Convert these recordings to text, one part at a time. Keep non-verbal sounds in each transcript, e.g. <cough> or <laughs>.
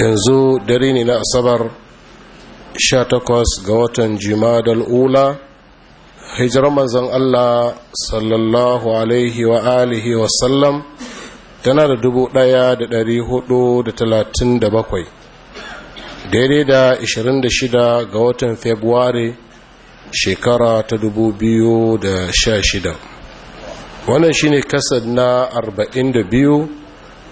yanzu dare ne na asabar 18 ga watan jimadal ula hijirar manzan Allah sallallahu alaihi wa alihi wa sallam tana da da talatin bakwai daidai da 26 ga watan februari shekara ta dubu biyu da sha shida. wannan shine kasad na 42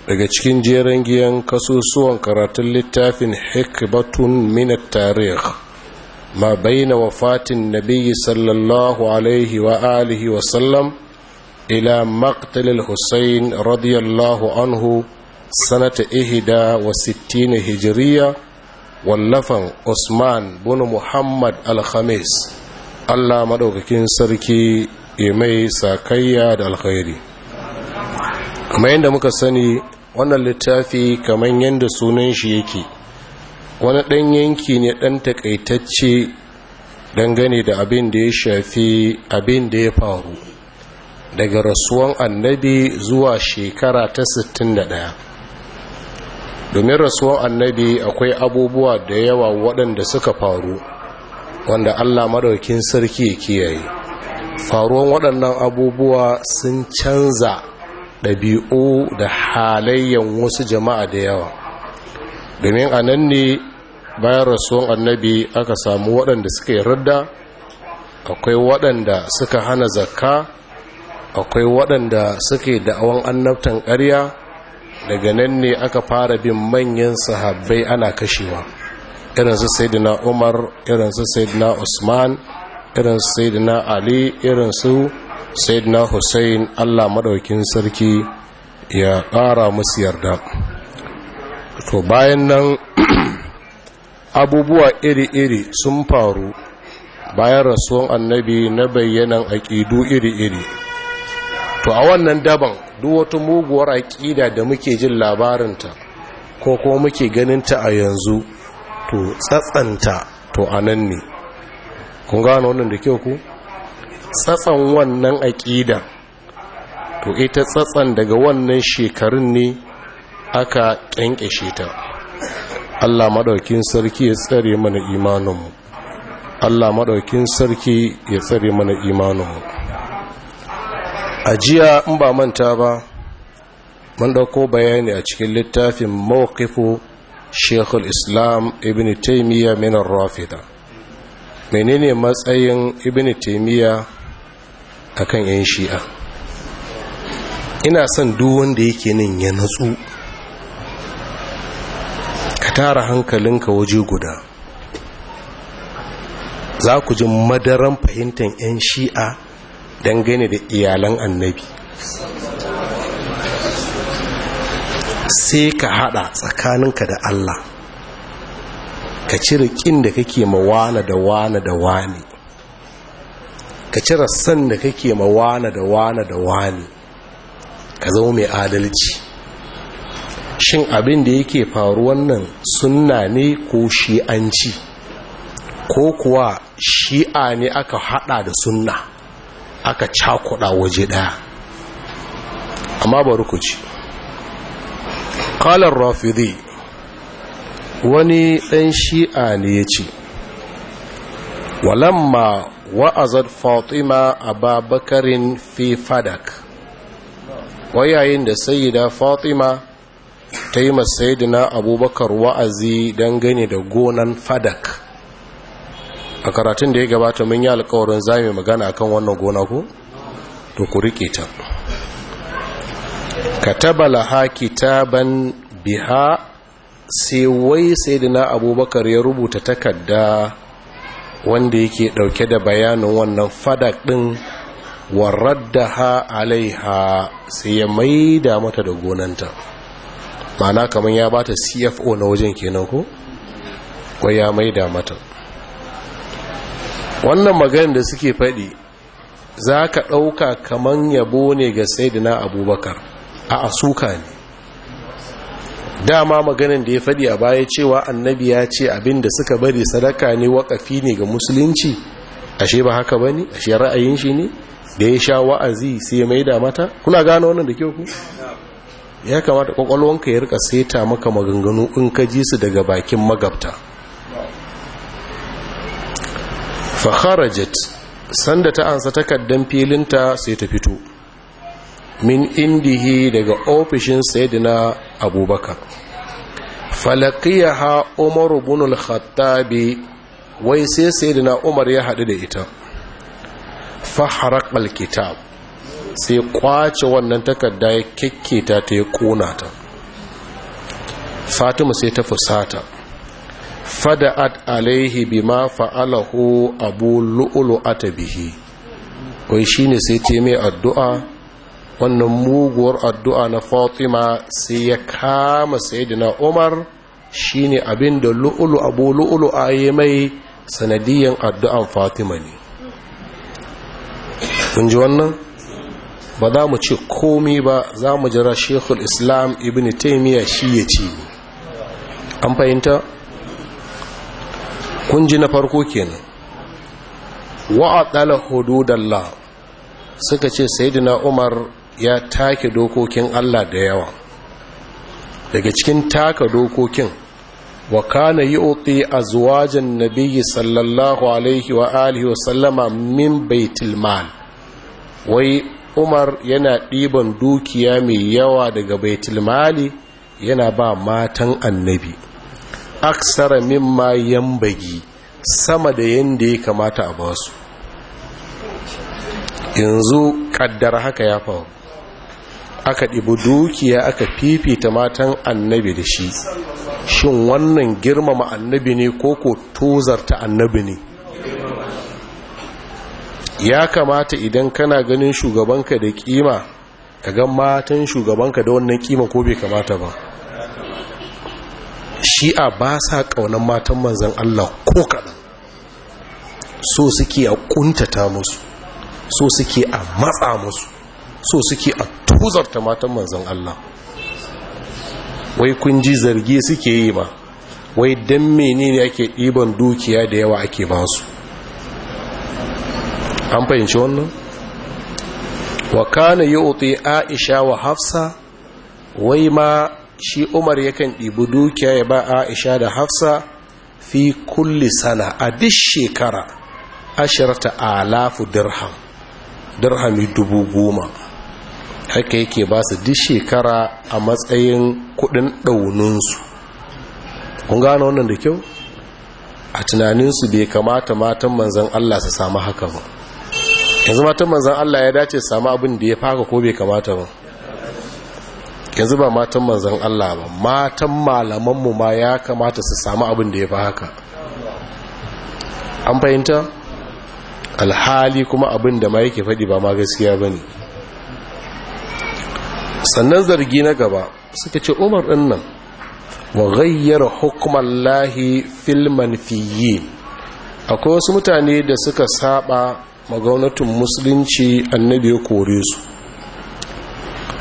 daga cikin jeren giyan kasusuwan karatun littafin hikbatun mina tarih ma baina wafatin nabiyyi sallallahu alaihi wa alihi wa sallam ila maktalil al radiyallahu anhu sanata ihida wa 60 hijiriya wallafan Usman bin Muhammad al Allah maɗaukakin sarki mai sakayya da alkhairi kamar yadda muka sani wannan littafi kamar yadda sunan shi yake wani ɗan yanki ne ɗan takaitacce dangane da abin da ya shafi abin da ya faru daga rasuwan annabi zuwa shekara ta 61 domin rasuwan annabi akwai abubuwa da yawa waɗanda suka faru wanda allah maɗaukin sarki ya kiyaye faruwan waɗannan abubuwa sun canza ɗabi'u da halayyan wasu jama'a da yawa domin a nan ne bayan rasuwan annabi aka samu waɗanda suka yi radda akwai waɗanda suka hana zakka akwai waɗanda suke da'awan annabtan ƙarya daga nan ne aka fara bin manyan sahabbai ana kashewa irinsu saidina umar irinsu saidina usman irin saidina ali irin su saidina hussein allah madaukin sarki ya ƙara musu yarda to bayan nan <clears throat> abubuwa iri-iri sun faru bayan rasuwan annabi na bayyanan aƙidu iri-iri to a wannan daban duk wata muguwar aƙida da muke jin labarinta ko kuma muke ganinta a yanzu to tsatsanta to a nan ne kun gano wannan da kyau ku tsatsan wannan aƙida to ita tsatsan daga wannan shekarun ne aka ƙyanƙyashe ta Allah maɗaukin sarki ya tsare mana imaninmu Allah maɗaukin sarki ya tsare mana imaninmu a jiya in ba manta ba mun dauko bayani a cikin littafin mawqifu Sheikhul Islam Ibn Taymiyyah min ar-Rafida menene matsayin ibn taimiyya a kan 'yan shi'a ina son duk wanda yake nin ya natsu ka tara hankalinka waje guda za ku ji madaran fahimtar 'yan shi'a dangane da iyalan annabi sai ka hada tsakaninka da Allah ka cire ƙin da kake ma wane da wane da wane ka cire san da kake ma wane da wane da wane ka zama mai adalci shin abin da yake faru nan sunna ne ko shi'anci ko kuwa shi'a ne aka hada da sunna aka cakuda waje daya amma bari ku ci qala ar wani ɗan shi'a ne ya ce walamma wa'azar fatima a Bakarin fi fadak wayayin da sayida fatima ta yi masayidina abubakar wa'azi dangane da gonan fadak a karatun da ya gabata mun yi alkawarin zami magana kan wannan gona ko? to ku rike ta katabala ha kitaban biha sai wai sayyidina abubakar ya rubuta takarda wanda yake dauke da bayanin wannan fadak din ha alaiha sai ya maida mata da gonanta ma'ana kamar ya bata CFO na wajen kenan ko ko ya maida mata wannan maganin da suke faɗi za ka ɗauka kamar yabo ne ga saidina abubakar a asuka ne dama maganin da ya faɗi a baya cewa annabi ya ce abinda suka bari sadaka ne waƙafi ne ga musulunci ashe ba haka ba ne ashe ra'ayin shi ne da ya sha wa'azi sai mai da mata kuna gano wannan da kyau ku ya kamata kwakwalwanka ya rika saita maka maganganu in ka ji su daga bakin magabta fakharajat sanda ta ansa takaddan filinta sai ta fito min indihi daga ofishin sayyidina abubakar ha umar ibn al-khattabi wai sai sayyidina umar ya haɗu da ita fahraq al-kitab sai kwace wannan takarda ya kikkita ta ya kona ta fatima sai ta fusata fada'at alaihi bima fa'alahu abu lu'lu'ata bihi wai shine sai ce mai addu'a wannan muguwar addu'a na fatima sai ya kama sayidina umar shine abin da lu'ulu abu lu'ulu a yi mai sanadiyyar addu'an fatima ne kun ji wannan ba za mu ce komi ba za mu jira shekul islam ibn taimiyya shi ya ce an fahimta kun ji na farko kenan wa'adala dalla suka ce sayidina umar ya take dokokin Allah da yawa daga cikin taka dokokin wa kana yu'ti azwajan nabiyyi sallallahu alaihi wa alihi wa sallama min baitul mal wai Umar yana ɗiban dukiya mai yawa daga baitul mali yana ba matan annabi aksara mimma yambagi sama da yanda ya kamata a basu yanzu kaddar haka ya faru aka ɗibi dukiya aka fifita matan annabi da shi shin wannan girmama annabi ne ko ko tozarta annabi ne ya kamata idan kana ganin shugabanka da kima ka gan matan shugabanka da wannan kima ko bai kamata ba shi'a ba sa ƙaunar matan manzan Allah ko kaɗan so suke a ƙuntata musu so suke a matsa musu so suke a tozarta matan manzon Allah wai kun ji zargi suke yi ma wai dan menene ake ɗiban dukiya da yawa ake ba su an fahimci wannan wa kana yu'ti aisha wa hafsa wai ma shi umar yakan ɗibi dukiya ya ba aisha da hafsa fi kulli sana a duk shekara ashirta alafu dirham dirhami dubu goma haka yake ba su duk shekara a matsayin kudin ɗauninsu kun gano wannan da kyau a tunaninsu bai kamata matan manzan Allah su samu haka ba yanzu matan manzan Allah ya dace samu abin da ya faka ko bai kamata ba yanzu ba matan manzan Allah ba matan malamanmu ma ya kamata su samu abin da ya faka an fahimta alhali kuma abin da ma yake faɗi ba ma gaskiya ba ne sannan zargi na gaba suka ce umar ɗin nan wa ghayyar hukumar lahi filman fiye akwai wasu mutane da suka saba magaunatun musulunci annabi ya kore su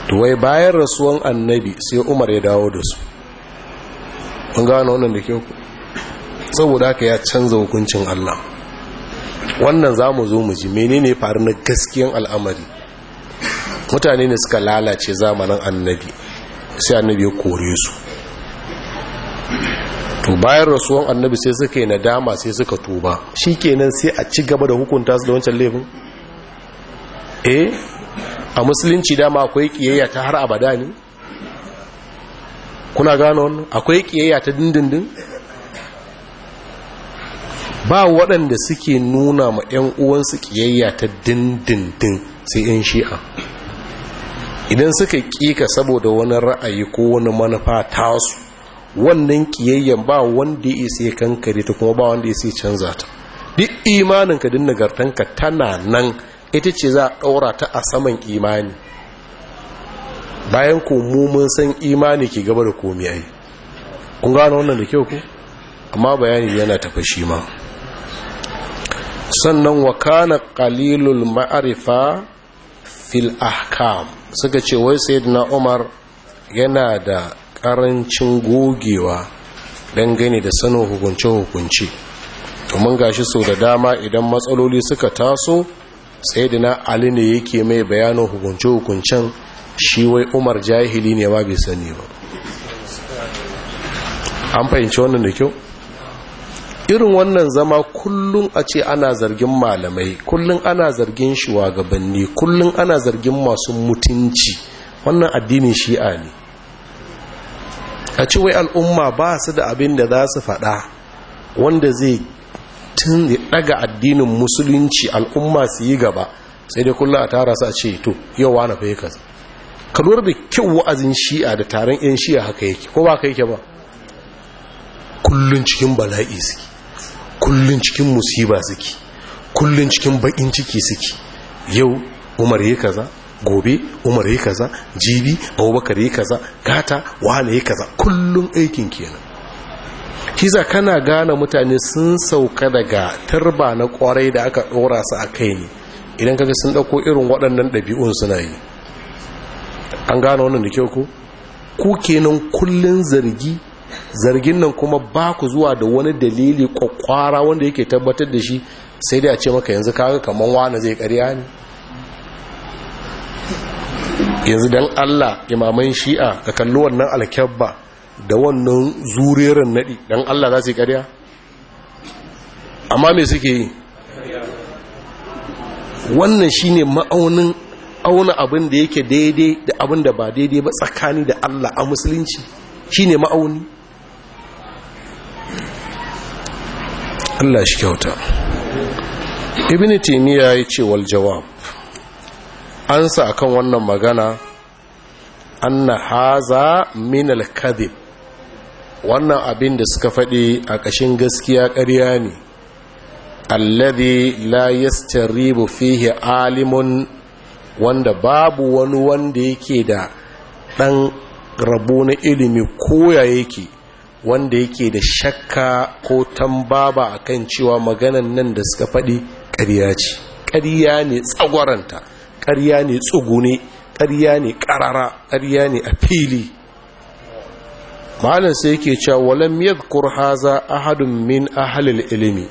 Tuwai bayan rasuwan annabi sai umar ya dawo da su ɗan gano wannan da ku. saboda ka ya canza hukuncin allah wannan za mu zo mu ji menene faru na gaskiyan al'amari mutane ne suka lalace zamanin annabi sai annabi ya kore su to bayan rasuwan annabi sai suka yi nadama sai suka tuba shi kenan sai a ci gaba da hukunta su da wancan laifin eh a musulunci dama akwai kiyayya ta har abada ne kuna gano wannan akwai kiyayya ta dindindin ba waɗanda suke nuna ma 'yan uwansu kiyayya ta dindindin sai 'yan shi'a idan suka kika saboda wani ra'ayi ko wani manufa tasu wannan kiyayyen ba wanda ya sai kankare ta kuma ba wanda ya sai canza ta duk imaninka din nagartanka tana nan ita ce za a ɗaura ta a saman imani bayan ku mun san imani ke gaba da komi ai kun gano wannan da kyau ku amma bayani yana tafa shi ma sannan wa kana ƙalilul ma'arifa fil ahkam suka ce wai sayyidina umar yana da karancin gogewa dangane da sanin hukunce-hukunce domin gashi sau da dama idan matsaloli suka taso sayyidina ali ne yake mai bayanin hukunce-hukuncen shi wai umar jahili ne ma bai sani ba an fahimci wannan da kyau irin wannan zama kullum a ce ana zargin malamai kullum ana zargin shugabanni kullum ana zargin masu mutunci wannan addinin shi'a ne a ce wai al'umma ba su da abin da za su faɗa wanda zai tun daga addinin musulunci al'umma su yi gaba sai dai kullum a tara su a ce to yau wa na yaka ka lura da kyau wa'azin shi'a da taron 'yan shi'a haka yake ko ba ka yake ba kullum cikin bala'i suke kullun cikin musiba suke kullun cikin bakin ciki suke yau umar yi kaza gobe umar yi kaza jibi abubakar yi kaza gata wahala yi kaza kullun aikin kenan kiza kana gane mutane sun sauka daga turba na kwarai da aka dora su a kai ne idan kaga sun dauko irin waɗannan ɗabi'un suna yi an gane wannan da kyau ko ku kenan kullun zargi zargin nan kuma ba ku zuwa da wani dalili kwakwara wanda yake tabbatar da shi sai da a ce maka yanzu kaga kamar wani zai karya ne yanzu don allah imaman shi'a ka kalli wannan alkyabba da wannan zuririn naɗi don allah za su yi karya amma me suke yi wannan shi ne ma'aunin auna abin da yake daidai da abin da ba daidai ba tsakani da allah a musulunci shi ne ma'auni Allah shi kyauta ibn taymiya ya ce wal jawab an sa akan wannan magana anna haza min al kadhib wannan abin da suka faɗi a ƙashin gaskiya ƙarya ne alladhi la yastaribu fihi alimun wanda babu wani wanda yake da ɗan rabu na ilimi koya yake wanda yake da shakka ko tambaba a kan cewa maganan nan da suka faɗi ƙarya ce ƙarya ne tsagwaranta ƙarya ne tsugune ƙarya ne ƙarara ƙarya ne a fili malam sai yake cewa walam za haza ahadun min ahlil ilimi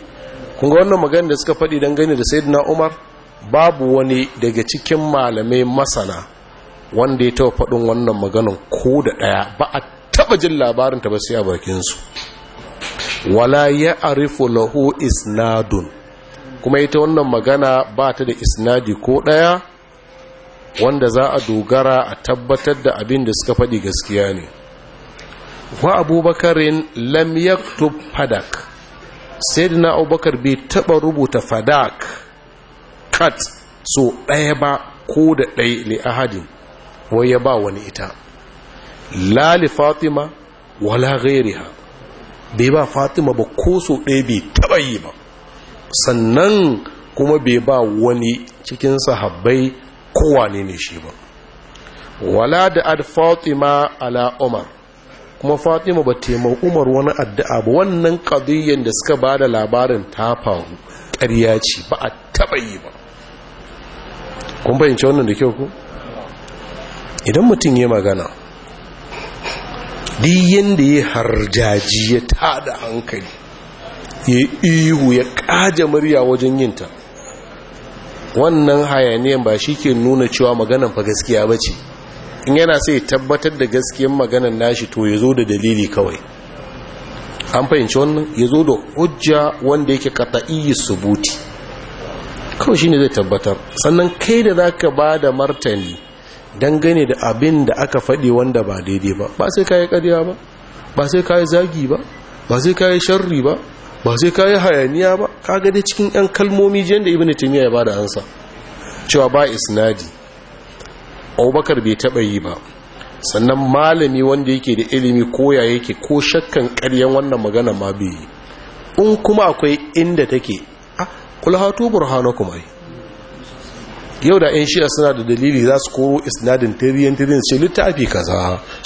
kun ga wannan maganar da suka faɗi dangane da sayyidina Umar babu wani daga cikin malamai masana wanda ya taɓa faɗin wannan maganar ko da ɗaya ba a taba jin labarin ta ba sai a bakin su wala ya'rifu lahu isnadun kuma ita wannan magana ba ta da isnadi ko daya wanda za a dogara a tabbatar da abin da suka faɗi gaskiya ne wa abubakarin lam yaktub fadak sai da na abubakar bai taɓa rubuta fadak kat so ɗaya ba ko da ɗaya li ahadin waye ya ba wani ita lali fatima wala ghairiha bai ba fatima ba ko so ɗaya bai taɓa yi ba sannan kuma bai ba wani cikin sahabbai kowa ne shi ba wala da ad fatima ala umar kuma fatima ba taimar umar wani addu'a ba wannan ƙadiyyar da suka ba da labarin ta faru ƙarya ce ba a taɓa yi ba kun fahimci wannan da kyau ku idan mutum ya magana diyin da ya harjaji ya tada hankali ya ihu ya kaja murya wajen yinta wannan hayaniyan ba shi ke nuna cewa maganan fa gaskiya ba ce in yana sai tabbatar da gaskiyan maganan nashi to ya zo da dalili kawai an fahimci wannan ya zo da hujja wanda yake iya subuti kawai shi ne zai tabbatar sannan kai da za ka ba da martani dangane da abin da aka faɗi wanda ba daidai ba ba sai kayi ƙarya ba ba sai kayi zagi ba ba sai kayi sharri ba ba sai kayi hayaniya ba kaga dai cikin yan kalmomi jiyan da Ibn taymiya ya bada ansa cewa ba isnadi abubakar bai taɓa yi ba sannan malami wanda yake da ilimi ko ya yake ko shakkan ƙaryan wannan magana ma bai yi in kuma akwai inda take ah, kula hatu burhanakum ai yau da 'yan shi'a suna da dalili za su koro isnadin tiriyan tiriyan ce littafi kaza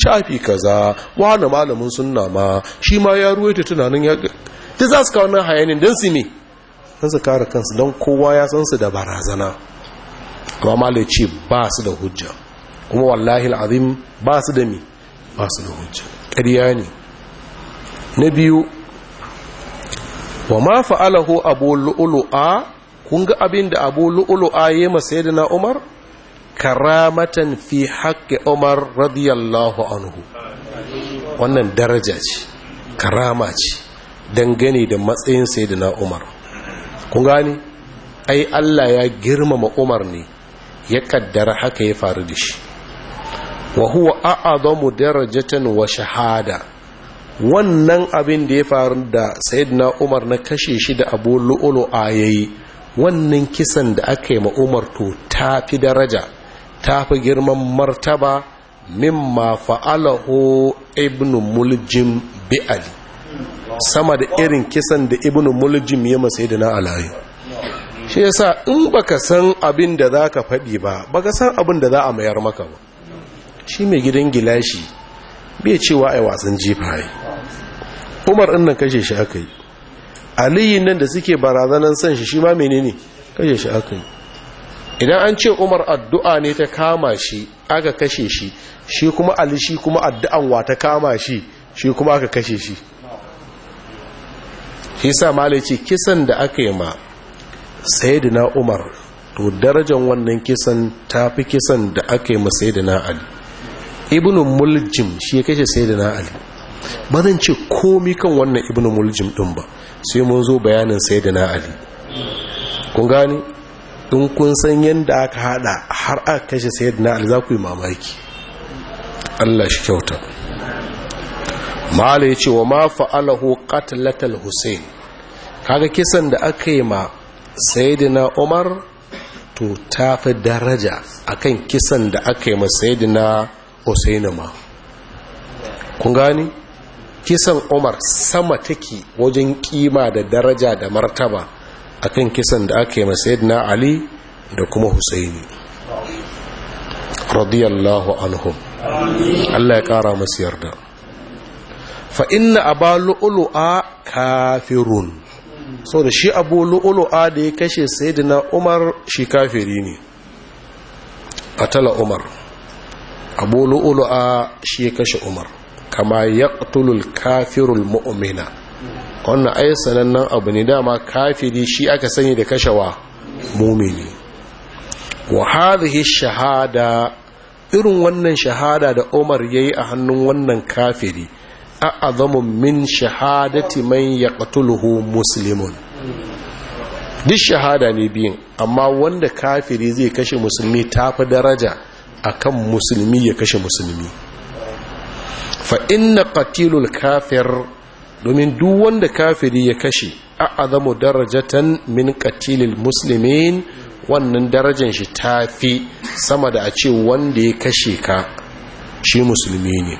shafi kaza wani malamin sunna ma shi ma ya ruwaita tunanin ya ta za su kawo nan hayanin don su ne. don su kara kansu don kowa ya san su da barazana kuma malai ba su da hujja kuma wallahi al'azim ba su da mi ba su da hujja ƙarya ne na biyu wa ma fa'alahu abu lu'ulu'a kun ga abin da abu a yi masa na umar karamatan fi haƙƙi umar radiyallahu anhu wannan daraja ce karama ce dangane da matsayin na umar kun gani ai allah ya girmama umar ne ya kaddara haka ya faru da shi wa huwa a'azamu darajatan wa shahada wannan abin da ya faru da sayyidina Umar na kashe shi da Abu a yayi wannan kisan da aka yi ma to ta fi daraja ta fi girman martaba mimma fa'alahu ibn muljim bi ali sama da irin kisan da ibn muljim ya masai da na alayu shi yasa in baka san abin da za ka faɗi ba baka san abin da za a mayar maka ba shi mai gidan gilashi bai cewa ai wasan jifaye umar ɗin kashe shi aka yi aliyin nan da suke barazanan san shi shi ma menene kashe shi aka yi idan an ce umar addu'a ne ta kama shi aka kashe shi shi kuma ali shi kuma addu'an wa ta kama shi shi kuma aka kashe shi shi sa malaci kisan da aka yi ma sayidina umar to darajan wannan kisan ta fi kisan da aka yi ma sayidina ali ibn muljim shi ya kashe sayidina ali ba zan ce komi kan wannan ibn muljim din ba sai mun zo bayanin sai da na ali kun gani in kun san yadda aka hada har aka kashe sai da na ali za ku yi mamaki allah shi kyauta ma'ala ya ce wa ma fa'alahu qatlatal hussein kaga kisan da aka yi ma na umar to ta fi daraja akan kisan da aka yi ma na hussein ma kun gani kisan umar sama take wajen kima da daraja da martaba akan kisan da aka yi na ali da kuma husaini radiyallahu anhum Allah ya kara masu yarda fa inna aba lu'ulu'a kafirun so da shi abu lu'ulu'a da ya kashe na umar shi kafiri ne A tala umar abu lu'ulu'a shi ya kashe umar kama yaktulul kafirul mu'mina wannan ai sanannen abu ne dama kafiri shi aka sani da kashewa mumini wa hadhihi shahada irin wannan shahada da Umar yayi a hannun wannan kafiri a'azamu min shahadati man yaqtuluhu muslimun duk shahada ne biyun, amma wanda kafiri zai kashe musulmi tafi daraja akan musulmi ya kashe musulmi fa inna qatilul kafir domin duk wanda kafiri ya kashe daraja darajatan min qatilil muslimin wannan darajan shi tafi sama da a ce wanda ya kashe ka shi musulmi ne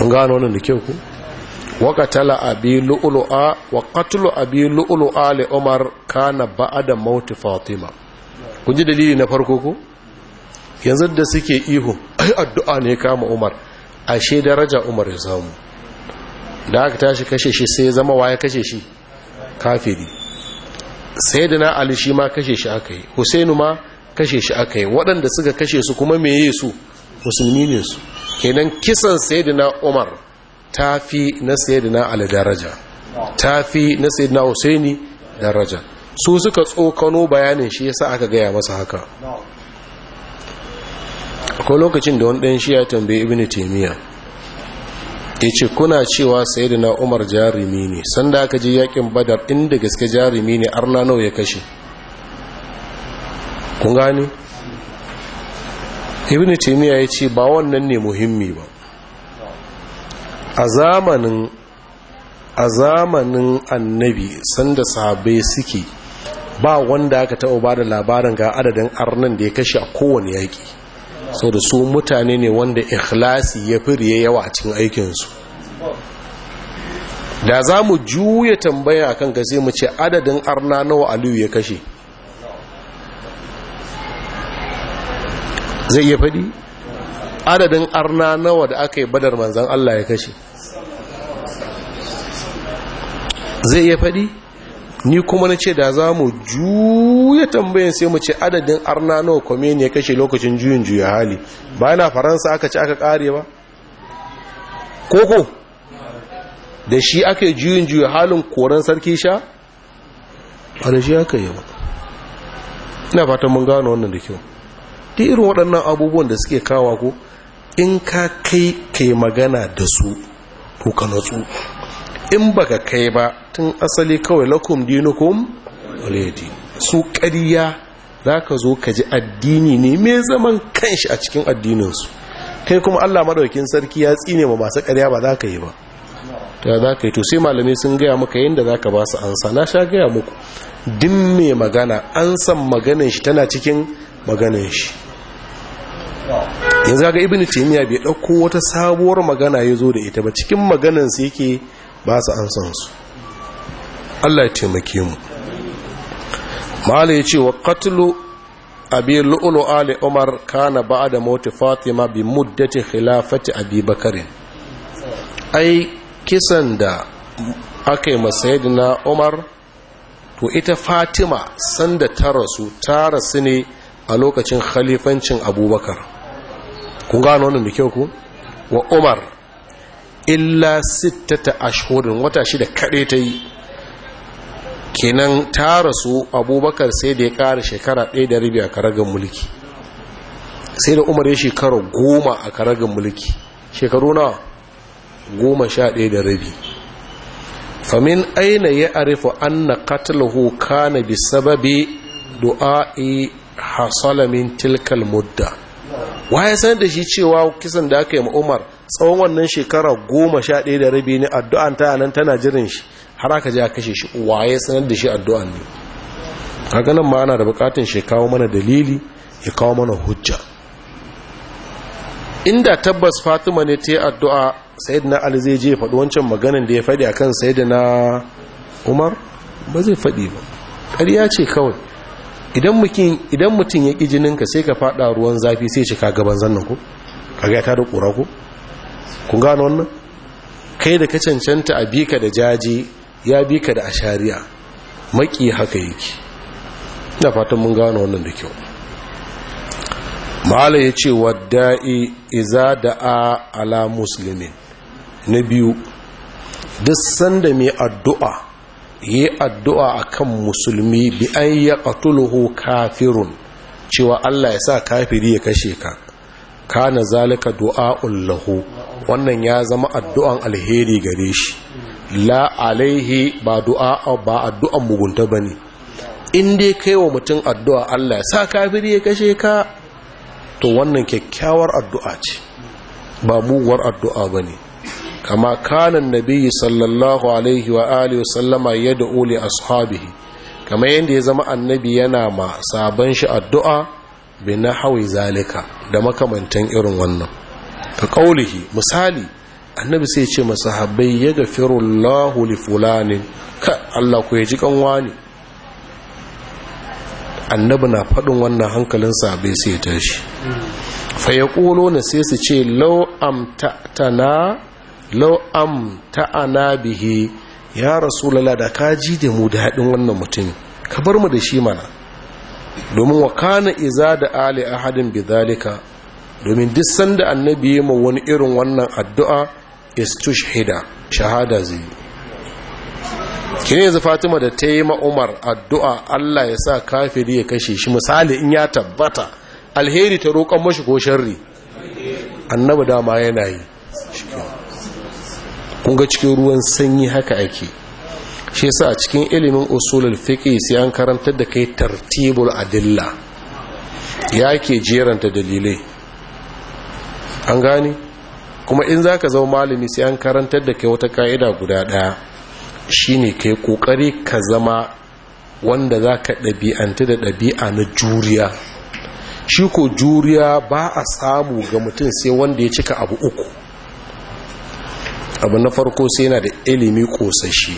mun gano wannan da kyau ku waƙatala abi lu'lu'a wa qatlu abi lu'lu'a li umar kana ba'da maut fatima kun ji dalili na farko ko yanzu da suke ihu ai addu'a ne kama umar ashe daraja umar ya samu da aka tashi kashe shi sai ya zama waye kashe shi kafiri sayyidina da na ali shi ma kashe shi aka yi husainu ma kashe shi aka yi waɗanda suka kashe su kuma meye su musulmi ne su kenan kisan sayyidina umar tafi na sayyidina ali daraja tafi fi na sayyidina husaini daraja su suka tsokano bayanin shi yasa aka gaya masa haka akwai lokacin da wani ɗan shi ya tambaye ibn taimiyya ya ce kuna cewa sai da na umar jarumi ne sanda aka je yakin badar inda gaske jarumi ne arna nawa ya kashe kun gani ibn taimiyya ya ce ba wannan ne muhimmi ba a zamanin a zamanin annabi sanda sahabbai suke ba wanda aka taɓa ba da labarin ga adadin arnan da ya kashe a kowane yaki. sau da su mutane ne wanda ikhlasi ya firye yawa a cikin aikinsu da za mu juya tambaya akan kan sai mu ce adadin arna nawa aliyu ya kashe zai iya faɗi adadin arna nawa da aka yi badar manzan Allah ya kashe zai iya faɗi ni kuma na ce da za mu juya tambayin sai mu ce adadin arna nawa kwame ne kashe lokacin juyin juya hali ba yana faransa aka ci aka kare ba koko da shi aka yi juyin juya halin koren sarki sha A da shi aka yi ba ina fatan mun gano wannan da kyau duk irin waɗannan abubuwan da suke kawa ko in ka kai kai magana da su to ka natsu in baka kai ba tun asali kawai lakum dinukum waliyadi su ƙariya za ka zo ka ji addini ne mai zaman kanshi a cikin addininsu kai kuma allah maɗaukin sarki ya tsine ma masu ƙariya ba za ka yi ba ta za ka yi to sai malamai sun gaya muka yadda za ka ba su ansa na sha gaya muku din mai magana an san maganin shi tana cikin maganin shi yanzu ga ibn taymiya bai dauko wata sabuwar magana ya zo da ita ba cikin maganan sa yake ba su an san su Allah ya taimake mu mala ya ce wa katlu abi Lu'lu ali umar kana ba'da mauti fatima bi muddati khilafati abi ai kisan da akai yi masayidina umar to ita fatima sanda ta rasu ta rasu ne a lokacin khalifancin abubakar kun gano wannan da kyau ku wa umar illa sittata ashhurin wata shida kaɗai ta yi kenan ta rasu abubakar sai da ya kara shekara ɗaya da rabi a karagar mulki sai da umar ya shekara goma a karagar mulki shekaru na goma sha ɗaya da rabi famin aina ya arifa an na katalahu kana bi sababi du'a'i hasalamin tilkal mudda Waye ya sanar da shi cewa kisan da aka yi umar tsawon wannan shekara goma sha ɗaya da rabi ne addu'an ta nan tana jirin shi har aka je a kashe shi waye ya sanar da shi addu'an ne kaga nan ma ana da bukatun shi kawo mana dalili ya kawo mana hujja inda tabbas fatima ne ta yi addu'a sayyidina ali zai je faɗi wancan maganin da ya faɗi akan sayyidina umar ba zai faɗi ba ƙarya ce kawai idan mutum ya ki jinin ka sai ka faɗa ruwan zafi sai shi ka gaban zannan ku kaga ta da kura ku kun gano wannan kai da ka cancanta a bika da jaji ya bika da ashariya maki haka yake ina fatan mun gano wannan da kyau mala ya ce wadda'i iza da'a ala muslimin na biyu duk sanda mai addu'a yi addu'a a kan musulmi bi an ya ƙatuluhu kafirun cewa Allah ya sa kafiri ya kashe ka kana zalika du'a lahu wannan ya zama addu'an alheri gare shi la alaihi ba du'a ba addu'an mugunta ba ne, in dai kai wa mutum addu'a Allah ya sa kafiri ya kashe ka to wannan kyakkyawar addu'a ce ba muguwar addu'a ba ne. kama kanan nabi sallallahu alaihi wa alihi wa sallama yadda oli ashabihi kama yadda ya zama annabi yana ma sabon shi addu'a bi na zalika da makamantan irin wannan ka kaulihi misali annabi sai ce masahabbai ya gafiru Allahu li fulanin ka Allah ku ya ji kanwani annabi na faɗin wannan hankalin sahabbai sai ya tashi fa na sai su ce law tana. lau am ta'ana bihi ya rasulullah da ka ji da mu daɗin wannan mutum ka bar mu da shi mana domin wa kana iza da ali ahadin Bidalika. domin duk sanda annabi ya ma wani irin wannan addu'a istushhida shahada zai kine yanzu Fatima da ta yi ma Umar addu'a Allah ya sa kafiri ya kashe shi misali in ya tabbata alheri ta roƙon mashi ko sharri annabi dama yana yi kun ga cikin ruwan sanyi haka ake shi yasa a cikin ilimin usulul fiqh sai an karantar da kai tartibul adilla ya ke jeranta dalilai an gane kuma in zaka zama malami sai an karantar da kai wata ka'ida guda daya shine kai kokari ka zama wanda zaka ɗabi'anta da ɗabi'a na juriya shi ko juriya ba a samu ga mutum sai wanda ya cika abu uku abu na farko sai yana da ilimi kosashi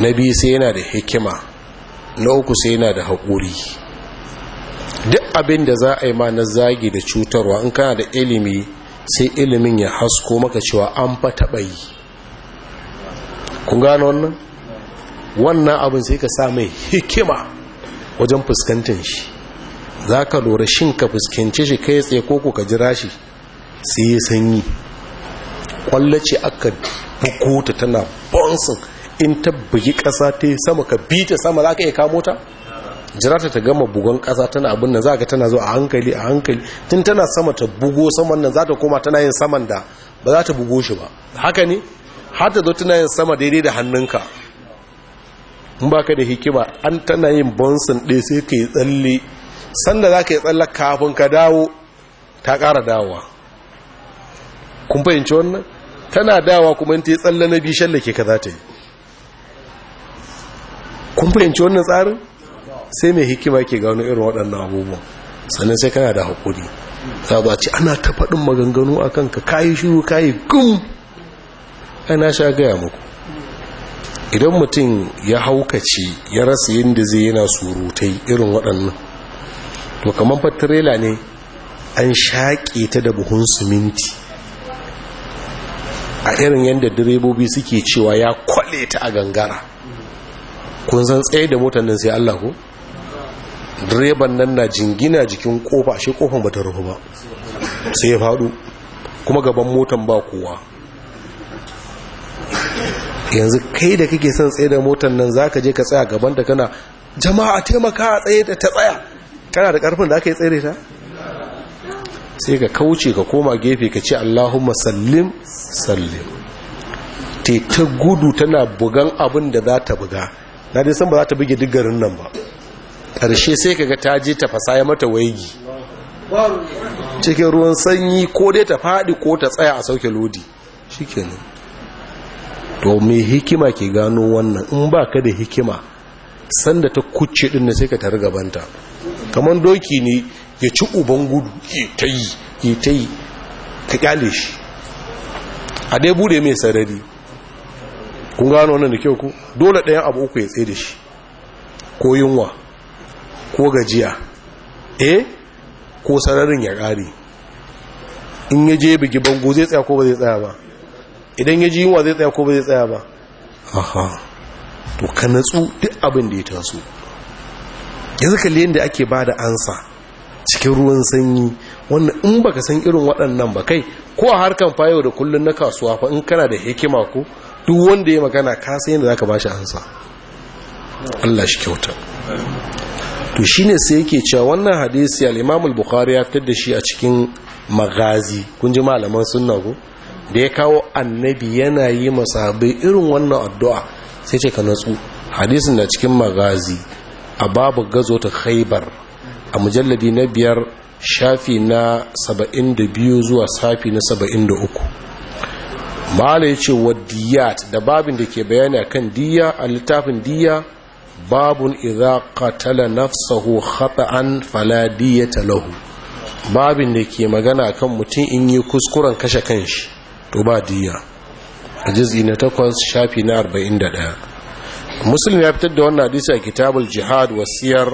na biyu sai yana da hikima na uku sai yana da haƙuri duk abin da za a yi ma na zagi da cutarwa in kana da ilimi sai ilimin ya hasko maka cewa an fa taɓa yi kun gano wannan wannan abin sai ka sa mai hikima wajen fuskantar shi za ka lura shin ka fuskance shi kai tsaye ko ka jira shi sai ya sanyi kwallo ce aka buko ta tana bonsin in ta bugi ƙasa ta yi sama ka bi ta sama za ka iya kamo ta jirata ta gama bugon ƙasa tana abin nan za ka tana zo a hankali a hankali tun tana sama ta bugo saman nan za ta koma tana yin saman da ba za ta bugo shi ba haka ne har ta zo tana yin sama daidai da hannunka in ba ka da hikima an tana yin bonsin ɗaya sai ka yi tsalle sanda za ka yi tsalle kafin ka dawo ta ƙara dawowa kun fahimci wannan tana dawa kuma in ta yi tsalle na bishan da ke ka za ta yi kun fahimci wannan tsarin sai mai hikima ke gano irin waɗannan abubuwan sannan sai kana da haƙuri za ba ce ana ta faɗin maganganu a kanka kayi shiru kayi gum ana sha gaya muku idan mutum ya haukace ya rasa yadda zai yana surutai irin waɗannan to kamar fatirela ne an shaƙe ta da buhun siminti a irin yadda direbobi suke cewa ya kwale ta a gangara kun san tsaye da motar nan sai Allah ku direban nan na jingina jikin kofa shi kofan bata rufu ba sai ya faɗo kuma gaban motan ba kowa yanzu kai da kake son tsaye da motar nan za ka je ka tsaya gaban da kana jama'a taimaka a tsaye da ta tsaya kana da karfin da aka yi tsere ta sai ka kauce ka koma gefe ka ce Allahumma sallim sallim te ta gudu tana bugan abin da za ta buga na dai san ba za ta buge duk garin nan ba ƙarshe sai ka ga ta je ta fasa ya mata waigi cikin ruwan sanyi ko dai ta faɗi ko ta tsaya a sauke lodi shikenan to me hikima ke gano wannan in ba ka da hikima sanda ta kucce din sai ka tare gabanta kamar doki ne ya ci uban gudu Ya yi ita yi ka kyale shi a dai bude mai sarari kun gano wannan da kyau ku dole ɗayan abu uku ya tsaye da shi ko yunwa ko gajiya eh ko sararin ya ƙare in ya je bugi bango zai tsaya ko ba zai tsaya ba idan ya ji yunwa zai tsaya ko ba zai tsaya ba aha to ka natsu duk abin da ya taso yanzu kalli yadda ake ba da ansa cikin ruwan sanyi wannan in baka san irin waɗannan ba kai ko a harkan fayo da kullun na kasuwa fa in kana da hikima ko duk wanda ya magana ka san yadda zaka bashi ansa Allah shi kyauta to shine sai yake cewa wannan hadisi al-Imam al-Bukhari ya fitar da shi a cikin magazi kun ji malaman sunna ko da ya kawo annabi yana yi masahabai irin wannan addu'a sai ce ka natsu hadisin na cikin magazi a babu gazo ta khaibar a mujalladi na biyar shafi na 72 zuwa safi na 73 mala ya ce wa diyat da babin da ke bayani kan diya a littafin diya babun idha qatala nafsahu khata'an fala diyata lahu babin da ke magana kan mutum in yi kuskuren kashe kanshi to ba diya a jizgi na takwas shafi na 41 muslim ya fitar da wannan hadisi a kitabul jihad wasiyar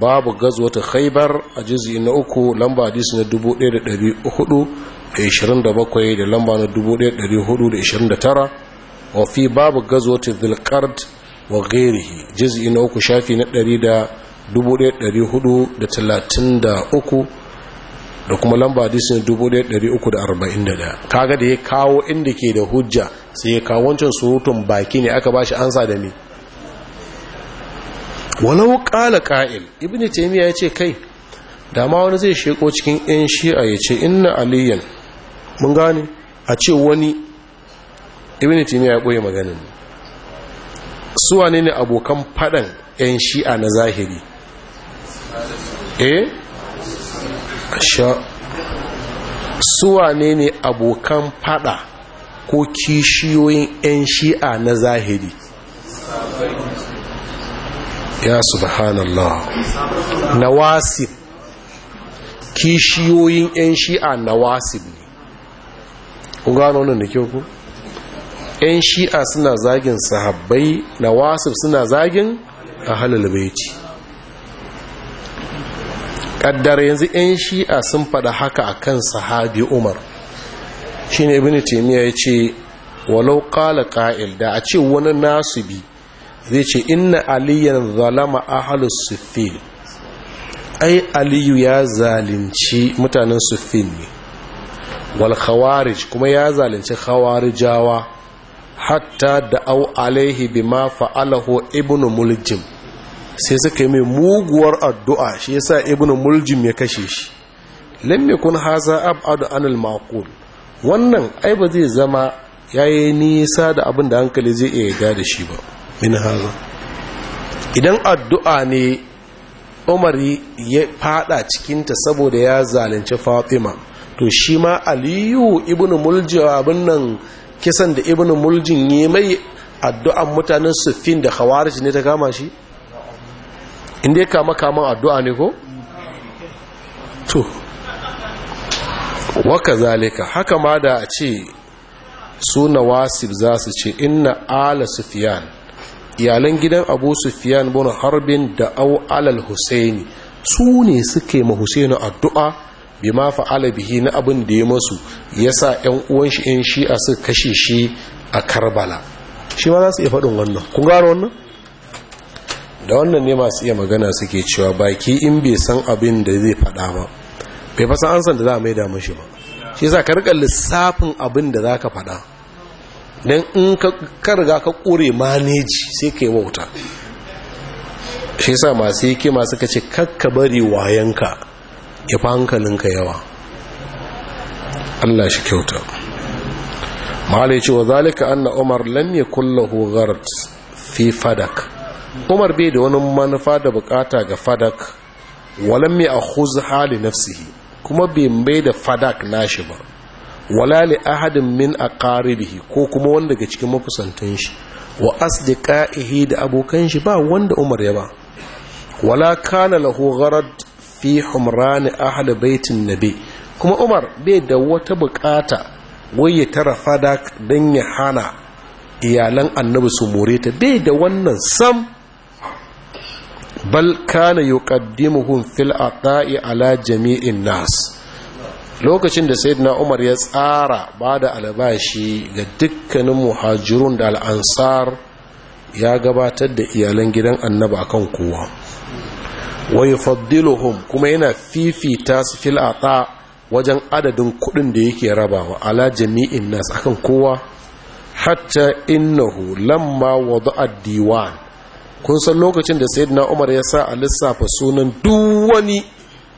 babu wata khaibar a jizi na uku lamba hadisi na 1427 da lamba na 1429 wa fi babu wata dhilqard wa ghairihi jizi na uku shafi na 1433 da kuma lamba hadisi na 1341 kaga da ya kawo inda ke da hujja sai ya kawo wancan surutun baki ne aka bashi ansa da mai walau ƙala ƙa'il ibn taimiyya ya ce kai dama wani zai sheko cikin 'yan shi'a ya ce ina aliyan mun gane a ce wani ibn taimiyya ya ɓoye maganin suwa ne ne abokan faɗan 'yan shi'a na zahiri eh suwa ne ne abokan faɗa ko kishiyoyin 'yan shi'a na zahiri ya subhanallah nawasib kishiyoyin 'yan shi'a nawasib ne ku gano nan da kyau ku 'yan shi'a suna zagin sahabbai nawasib suna zagin a halal baiti yanzu 'yan shi'a sun faɗa haka a kan sahabi umar shine ne ibini taimiyya ya ce walau ƙala ƙa'il da a ce wani nasu bi zai ce inna aliyan zalama ahalus siffin ai aliyu ya zalunci mutanen sufin ne wal khawarij kuma ya zalunci khawarijawa hatta da au alaihi bima fa'alahu ibnu muljim sai suka yi mai muguwar addu'a shi yasa ibnu muljim ya kashe shi lam yakun haza ab'adu anil maqul wannan ai ba zai zama yayi nisa da abin da hankali zai iya yarda da shi ba min haza idan addu'a ne umar ya fada cikinta saboda ya zalunci fatima to shi ma aliyu ibn muljawa abin nan kisan da ibn muljin yi mai addu'an mutanen sufin da khawarij ne ta kama shi inda ya kama kaman addu'a ne ko? to waka zalika haka ma da a ce suna wasif za su ce inna ala sufiyan iyalan gidan abu sufiyan bin harbin da au alal husaini su ne suke ma husaini addu'a bi ma fa'ala bihi na abin da ya masu yasa yan uwan shi shi shi'a suka kashe shi a karbala shi ma za su iya faɗin wannan kun gano wannan da wannan ne masu iya magana suke cewa baki in bai san abin da zai faɗa ba bai fasa an san da za a mai maida mashi ba shi sa ka rika lissafin abin da za ka faɗa don in ka riga ka kure maneji sai ka yi wauta shi sa masu yake masu ce kakka bari wayanka ya fi hankalinka yawa Allah shi kyauta mahalai ce wa zalika anna umar lam ya lahu ghard fi fadak umar bai da wani manufa da bukata ga fadak walam ya akhuz hali nafsihi kuma bai mai da fadak nashi ba wala li ahadin min aqaribihi ko kuma wanda daga cikin mafusantan shi wa asdiqaihi da abokan shi ba wanda Umar ya ba wala kana lahu gharad fi humran ahli baitin na nabi kuma Umar bai da wata bukata wai ya tara fadak dan ya hana iyalan annabi su more ta bai da wannan sam bal kana yuqaddimuhum fil aqa'i ala jami'in nas lokacin da na umar ya tsara ba da albashi ga dukkanin muhajirun da al'ansar ya gabatar da iyalan gidan annaba kan kowa wai yufaddiluhum kuma yana fifita su fil ata wajen adadin kudin da yake rabawa ala jami'in nas akan kowa hatta innahu lamma wada'a diwan kun san lokacin da sayyidina umar ya sa a lissafa sunan duk wani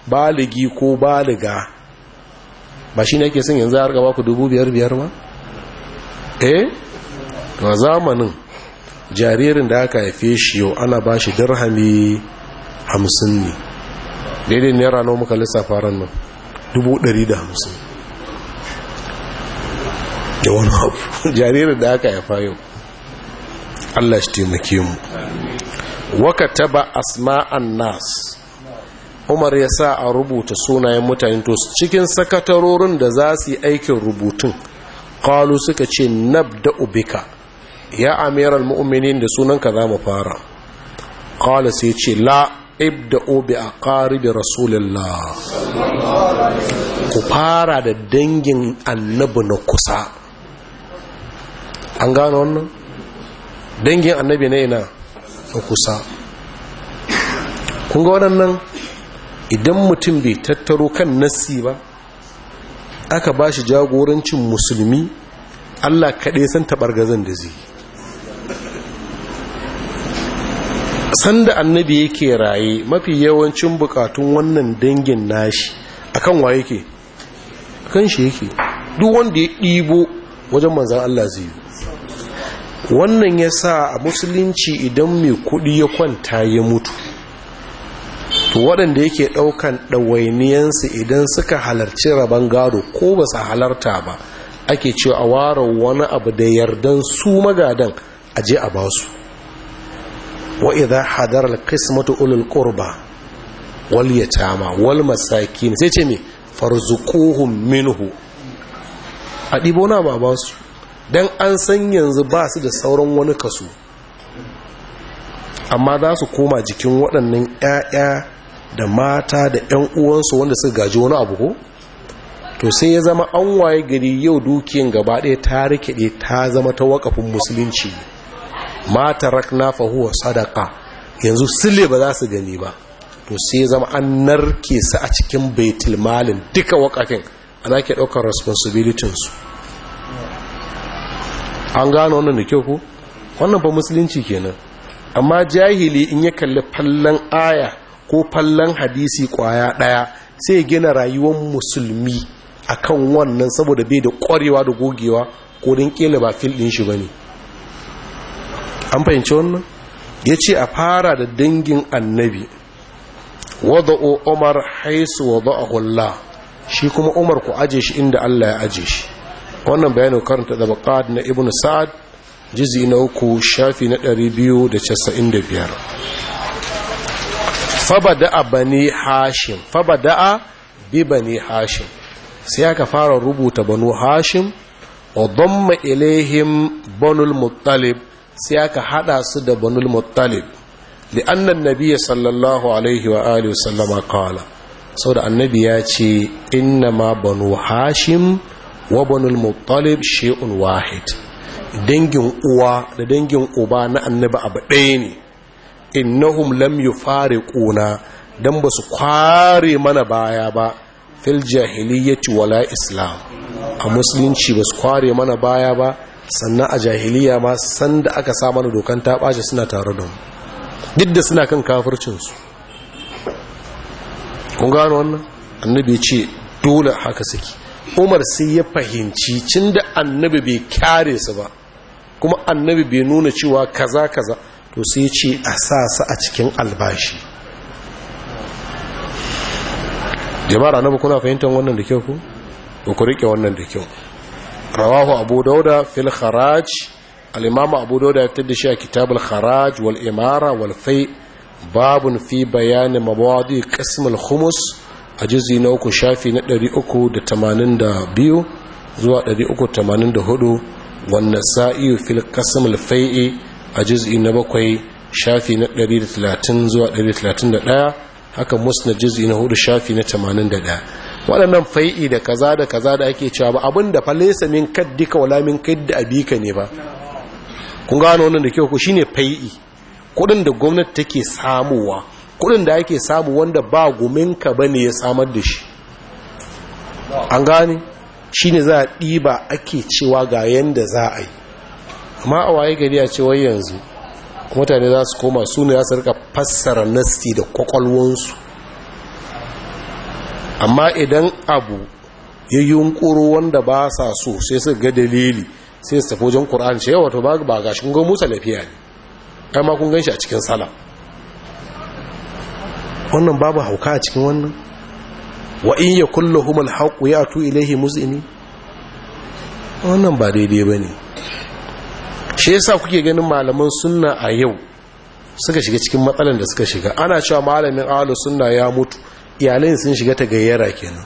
baligi ko baliga ba shi ne ake son yanzu har gaba ku dubu biyar biyar ma. eh a zamanin jaririn da aka haife shi yau ana ba shi dirhami hamsin ne daidai naira nau muka lissafa fara nan dubu dari da hamsin da wani abu <laughs> jaririn da aka haifa yau allah shi taimake mu waka taba asma'an nas umar ya sa a rubuta sunayen mutane to cikin sakatarorin da za su yi aikin rubutun kalu suka ce nabda ubika ya amiral mu'minin da sunanka za mu fara kala sai ce la ibda obi a da rasulallah. ku fara da dangin annabi na kusa an gano wannan dangin annabi na ina na kusa kun ga waɗannan idan mutum bai tattaro kan nassi ba aka ba shi jagorancin musulmi allah kaɗai san taɓargazan da zai sanda annabi yake raye mafi yawancin bukatun wannan dangin nashi akan wa yake kan shi yake duk wanda ya ɗibo wajen manzan allah zai wannan ya sa a musulunci idan mai kuɗi ya kwanta ya mutu waɗanda yake ɗaukan ɗawainiyansu idan suka halarci rabon gado ko ba su halarta ba ake ce a ware wani abu da yardan su magadan a je a basu wa idan hadar al ulul qurba wal yatama wal masakin sai ce mai farzukuhun minhu a ɗibona ba ba su don an san yanzu ba su da sauran wani kasu amma za su koma jikin waɗannan 'ya'ya da mata da 'yan uwansu wanda suka gaji wani abu ko to sai ya zama an waye gari yau dukiyan gaba ɗaya ta rikide ta zama ta wakafin musulunci mata rakna fahuwa sadaka yanzu sile ba za su gani ba to sai ya zama an narke su a cikin baitul malin duka wakafin ana ke ɗaukar su an gano wannan da kyau ko wannan ba musulunci kenan amma jahili in ya kalli fallon aya ko fallon hadisi kwaya ɗaya sai gina rayuwar musulmi akan wannan saboda bai da ƙwarewa da gogewa ko din kila ba fil ɗin shi ba ne an fahimci wannan ya ce a fara da dangin annabi Wadau umar haisu a Allah shi kuma umar ku aje shi inda Allah ya aje shi wannan bayanin karanta da baqad na ibnu sa'ad jizi na uku shafi na 295 fabada'a bani hashim fabada'a bi bani hashim sai aka fara rubuta banu hashim wa damma ilaihim banul muttalib sai aka hada su da banul muttalib li'anna nabiy sallallahu alaihi wa alihi sallama qala saboda annabi ya ce inna ma banu hashim wa banul muttalib shay'un wahid dangin uwa da dangin uba na annabi abu ɗaya ne innahum lam yufariquna dan basu kware mana baya ba fil jahiliyyati wala islam a musulunci basu kware mana baya ba sannan a jahiliya ma sanda aka sa mana dokan ta bace suna tare da mu duk da suna kan kafircin su kun gano wannan annabi ce dole haka saki. umar sai ya fahimci cin annabi bai kyare su ba kuma annabi bai nuna cewa kaza kaza to sai ce a sa su a cikin albashi jama'a na kuna fahimtar wannan da kyau ku ku rike wannan da kyau rawahu abu dauda fil kharaj al-imam abu dauda ya fitar da shi a kitabul kharaj wal imara wal fai babun fi bayani mawadi qismul khumus a juz'i na uku shafi na 382 zuwa 384 wan nasa'i fil qismul fai'i a juz'i na bakwai shafi na 130 zuwa 131 haka musna juz'i na hudu shafi na 81 waɗannan fai'i da kaza da kaza da ake cewa ba abin da falesa min kaddika wala min kaddi abika ne ba kun gano wannan da kyau ku shine fai'i kuɗin da gwamnati take samuwa kuɗin da ake samu wanda ba guminka bane ya samar da shi an gane shine za a ɗiba ake cewa ga yanda za a yi amma a waye gari a ce wai yanzu mutane za su koma su ne za su rika fassara nasti da kwakwalwonsu amma idan abu ya yunkuro wanda ba sa so sai su ga dalili sai su tafi wajen ƙura'an ce yawa to ba ga shi kungon musa lafiya ne kai ma kun ganshi a cikin sala wannan babu hauka a cikin wannan wa in ya kullahum alhaqu yatu ilayhi muzini wannan ba daidai bane shi yasa kuke ganin malaman sunna a yau suka shiga cikin matsalan da suka shiga ana cewa malamin ahlu sunna ya mutu iyalai sun shiga ta gayyara kenan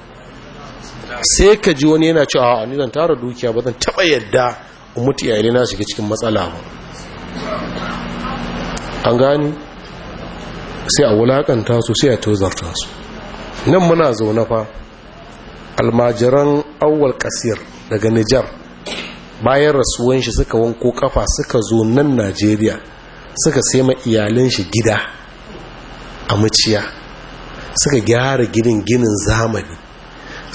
sai ka ji wani yana cewa a ni zan tara dukiya ba zan taba yadda mutu iyalai na shiga cikin matsala ba an gani sai a wulakanta su sai a tozarta su nan muna zaune fa almajiran awwal kasir daga nijar bayan rasuwan shi suka wanko kafa suka zo nan najeriya suka sai ma iyalin shi gida a maciya. suka gyara ginin ginin zamani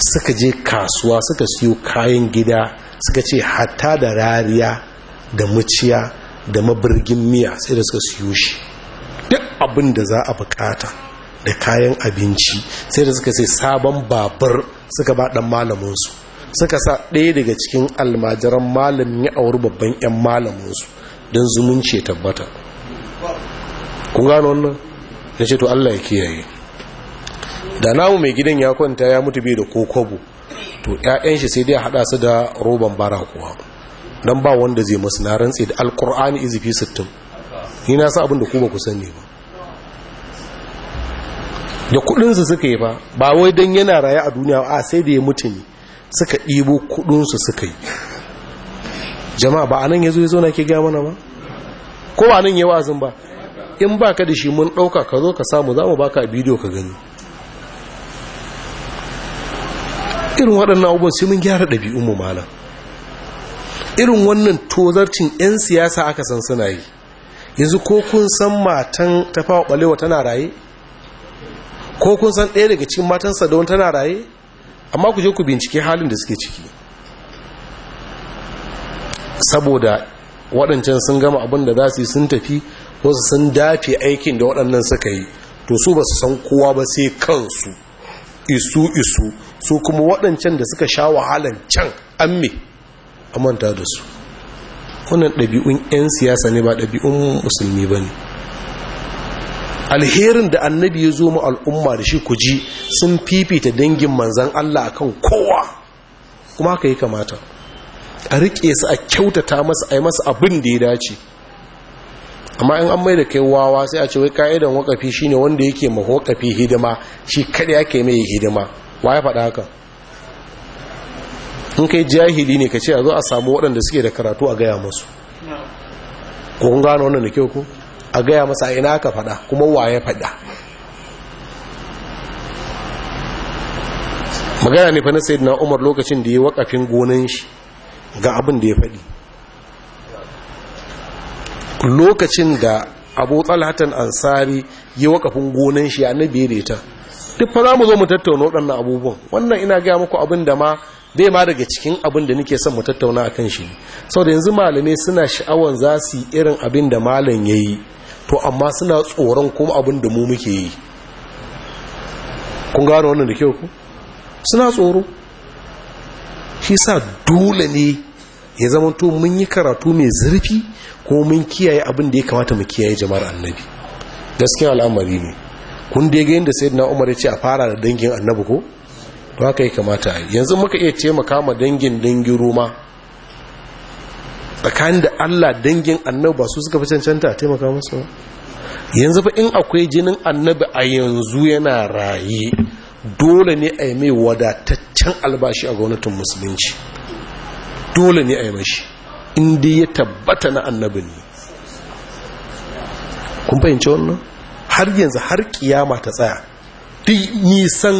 suka je kasuwa suka siyo kayan gida suka ce hatta da rariya da maciya da mabirgin miya sai da suka siyo shi duk abin da za a bukata da kayan abinci sai da suka sai sabon babur suka ba dan malaminsu suka sa ɗaya daga cikin almajiran malamin ya auri babban 'yan malaminsu don zumunci ya tabbata kun gano wannan ya ce to allah ya kiyaye da namu mai gidan ya kwanta ya mutu bai da kokobo to 'ya'yan shi sai dai a haɗa su da roban bara kuwa don ba wanda zai masu na rantse da alkur'ani izifi sittin ni na sa abin da kuma ku sani ba da kudinsu suka yi ba ba wai don yana raye a duniya a sai da ya mutu ne suka ɗibo kudinsu suka yi jama'a ba nan ya zo ya zo na ke gaya mana ba ko ba nan ya wa'azin ba in ba ka da shi mun ɗauka ka zo ka samu za mu ba ka bidiyo ka gani irin waɗannan abubuwan sai mun gyara ɗabi'un mu malam irin wannan tozarcin 'yan siyasa aka san suna yi yanzu ko kun san matan tafawa ɓalewa tana raye ko kun san ɗaya daga cikin matansa don tana raye amma ku je ku bincike halin da suke ciki saboda waɗancan sun gama abin da za su yi sun tafi wasu sun dafe aikin da waɗannan suka yi to su ba su san kowa ba sai kansu isu isu su kuma waɗancan da suka sha wahalan can an me a manta da su wannan ɗabi'un 'yan siyasa ne ba ɗabi'un musulmi ba ne alherin da annabi ya zo mu al'umma da shi ku ji sun fifita dangin manzan Allah akan kowa kuma haka yi kamata a riƙe su a kyautata masa a yi masa abin da ya dace amma in an mai da kai wawa sai a ce wai ka'idan wakafi ne wanda yake mahokafi wakafi hidima shi kada ke mai hidima wa ya faɗa haka in kai jahili ne ka ce a zo a samu waɗanda suke da karatu a gaya masu. ko kun gano wannan da kyau ko a gaya masa ina ka fada kuma waye fada magana ne fa na sayyidina umar lokacin da ya wakafin gonan shi ga abin da ya fadi lokacin da abu talhatan ansari ya wakafin gonan shi annabi da ita duk fa za mu zo mu tattauna waɗannan abubuwan wannan ina gaya muku abin da ma dai ma daga cikin abin da nake son mu tattauna akan shi Sau da yanzu malamai suna sha'awan za su yi irin abin da malam ya yi. to amma suna tsoron kuma abin da mu muke yi kun gano wannan da kyau ku suna tsoro shi sa dole ne ya zama to mun yi karatu mai zurfi ko mun kiyaye abin da ya kamata mu kiyaye jama'ar annabi gaskiya al'amari ne kun da ga yadda sayyidina umar ya ce a fara da dangin annabi ko to haka ya kamata yanzu muka iya ce mu dangin dangin roma tsakanin da Allah dangin annabi ba su suka fi cancanta a taimaka musu ba. yanzu fa in akwai jinin annabi a yanzu yana raye dole ne a yi mai wadataccen albashi a gwamnatin musulunci dole ne a yi mashi inda ya tabbata na annabi ne kun fahimci wannan har yanzu har kiyama ta tsaya duk nisan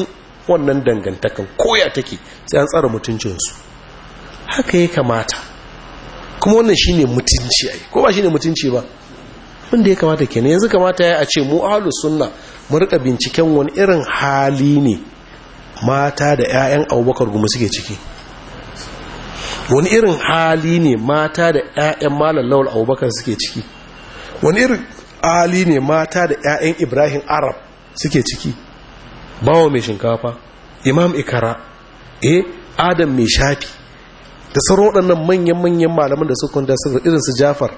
wannan dangantakan koya take sai an tsara mutuncinsu haka ya kamata kuma wannan shi ne mutunci ai ko ba shi ne mutunci ba wanda ya kamata kenan yanzu kamata ya a ce mu ahlus sunna mu binciken wani irin hali ne mata da 'ya'yan Abubakar gumi suke ciki wani irin hali ne mata da 'ya'yan malam lawal Abubakar suke ciki wani irin hali ne mata da 'ya'yan Ibrahim Arab suke ciki bawo mai shinkafa imam ikara eh adam mai shafi da sauran waɗannan manyan-manyan malaman da suka da suka irin su jafar